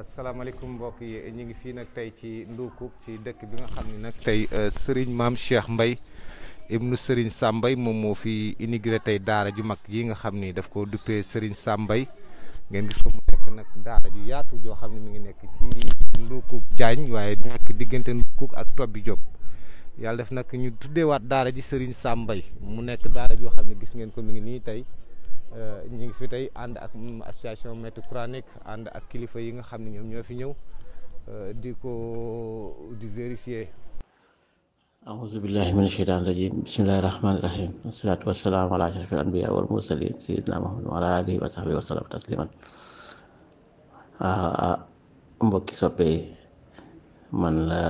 asalaamaaleykum mbokk yi ñu ngi fii nag tey ci Ndoukouk ci dëkk bi nga xam ne nag tey euh, Serigne maam Cheikh Mbaye ibnu Serigne Sambay moom moo fi inauguré tey daara ju mag ji nga xam ni daf ko duppee Serigne sàmbay ngeen gis ko mu nekk nag daara ju yaatu joo xam ne mi ngi nekk ci Ndoukouk waaye bi nekk diggante Ndoukouk ak Tobbi Diop yàlla def nag ñu waat daara ji Serigne sàmbay mu nekk daara joo xam ne gis ngeen ko mi ngi nii tey. Euh, ñu ngi fi tey ànd ak association maître ànd ak kilifa yi nga xam ne ñoom ñoo fi ñëw euh, di ko di vérifier. aouzu billahi min asheytaan bismillahi rahmaani rahim asalaatu wasalaamu ala ashrafil anbiya ah, mbokki soppe man la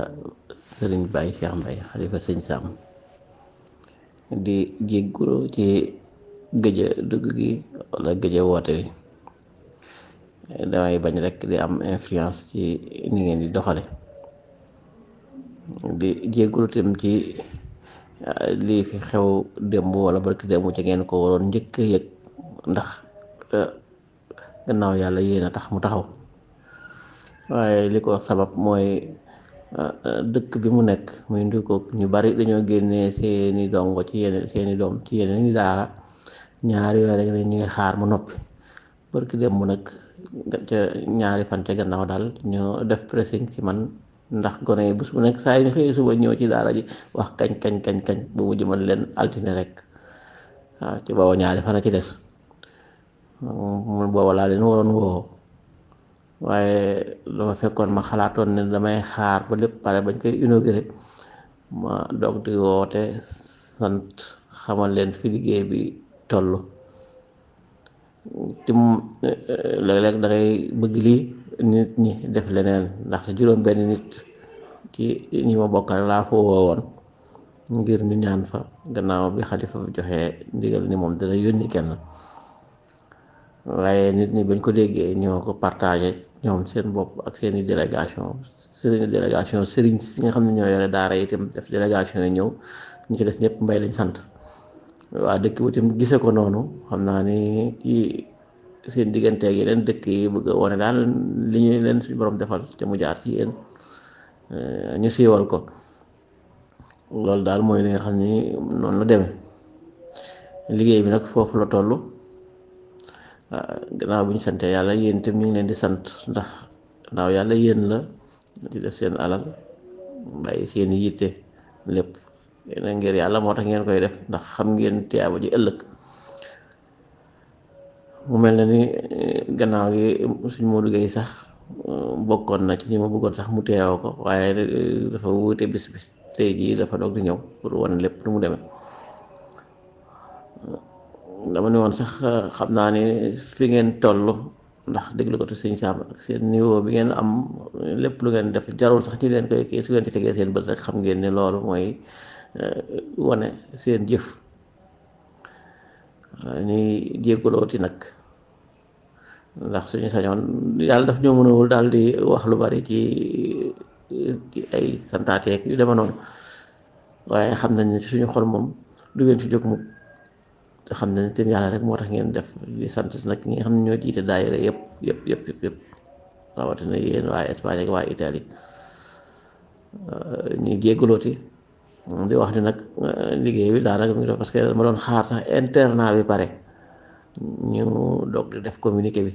sëriñ Baye Cheikh Mbaye xalifa sëñ Sam di jégguro ci gëj a dugg gi wala gëj a woote bi damay bañ rek di am influence ci ni ngeen di doxale di jéggulu ci uh, lii fi xew démb wala barki démb ci ngeen ko waroon njëkk yëg ndax uh, gannaaw yàlla yéen a tax mu taxaw waaye li ko sabab mooy uh, dëkk bi mu nekk muy ndu ko ñu bari dañoo génnee seeni dongo ci yeneen seeni doom ci yeneen daara ñaari yooyu rek ñu ngi xaar mu noppi barki dem mu nag ñaari fan ca gannaaw daal ñoo def pressing ci man ndax gone yi bés bu nekk saa yi ñu xëyee suba ñëw ci daara ji wax kañ kañ kañ kañ bu jëmal leen altine rek ci booba ñaari fan a ci des mu laa leen waroon woo waaye dafa fekkoon ma xalaatoon ne damay xaar ba lépp pare bañ koy inauguré ma doog di woote sant xamal leen fi liggéey bi toll tim eh, léeg-léeg da bëgg li nit ñi def leneen ndax sa juróom benn nit ci ñi ma bokkal laa foo woon ngir ñu ñaan fa gannaaw bi xalifa bi joxee ndigal ni moom dana yónni kenn waaye nit ñi bañ ko déggee ñoo ko partage ñoom seen bopp ak seeni délégation sëriñ délégation sëriñ si nga xam ne ñoo yore daara itam def délégation yi ñëw ñi ci des ñëpp mbay lañ sant waa dëkk bi tamit gisee ko noonu xam naa ne ci seen digganteeg yeneen dëkk yi bëgg a wane daal li ñu leen suñu boroom defal te mu jaar ci yéen euh, ñu siiwal ko loolu daal mooy li nga xam ni noonu la demee liggéey bi nag foofu la toll gannaaw bu ñu sante yàlla yéen tam ñu ngi leen di sant ndax ndaw yàlla yéen la di def seen alal bàyyi seen yitte lépp na ngir yàlla moo tax ngeen koy def ndax xam ngeen tiyaaba ji ëllëg mu mel na ni eh, gannaaw gi suñ Modou Gueye sax eh, bokkoon na ci ñi ma bëggoon sax mu teewoo ko waaye eh, dafa wuute bis bi tey jii dafa doog di ñëw pour wane lépp nu mu demee dama ne woon sax xam naa ni fi ngeen toll ndax déglu ko te sëñ Sam ak seen niveau bi ngeen am lépp lu ngeen def jarul sax ñu leen koy kii su ngeen tegee seen bët rek xam ngeen ni loolu mooy Eh, wane seen jëf ñuy jéggalooti nag ndax suñu sañoon yàlla daf ñoo mënawul daal di wax lu bari ci ci ay santaateek yu deme waaye xam nañ ne suñu xol moom du ngeen fi jóg mukk te xam nañ ne yàlla rek moo tax ngeen def di sant nag ñi xam ne ñoo jiite daayira yëpp yëpp yëpp yëpp yëpp rawatina yéen waa Espagne ak waa Italie ñu di wax di nag eh, liggéey bi daanaka mi ngi doon parce que ma doon xaar sax internat bi pare ñu doog di def communiqué bi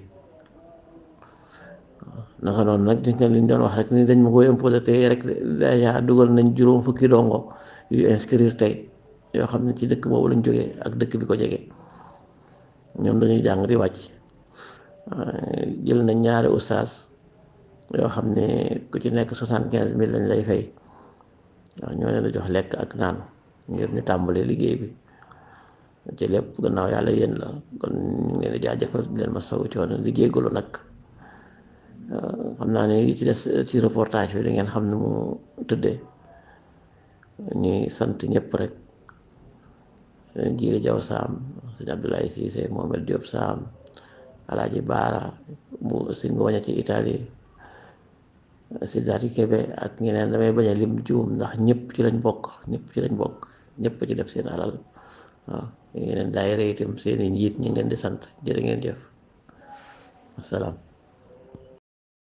naka doon nag gis nga liñ doon wax rek ni dañ ma koy imposé tey rek dugal nañ juróom fukki dongo yu inscrire yoo xam ne ci dëkk boobu lañ jógee ak dëkk bi ko jege ñoom dañuy jàng di wàcc eh, jël nañ ñaari ustaas yoo xam ne ku ci nekk soixante quinze mille lañ lay fay. ndax ñoo leen di jox lekk ak naan ngir ñu tàmbalee liggéey bi ci lépp gannaaw yàlla yéen la kon ñu ngi leen di jaajëfal leen ma saw coono di jéggalu nag xam naa ne yi ci des ci reportage bi da ngeen xam ne mu tëddee ñuy sant ñëpp rek jiiri jaw saam sëñ Abdoulaye Cissé Mohamed Diop saam alaaji baara bu si nga waña ci Italie Sidaati Kebe ak ñeneen damay bañ a lim juum ndax ñëpp ci lañ bokk ñëpp ci lañ bokk ñëpp ci def seen alal waaw yeneen daayira itam seen i njiit ñu ngi leen di sant jërë ngeen jëf wasalaam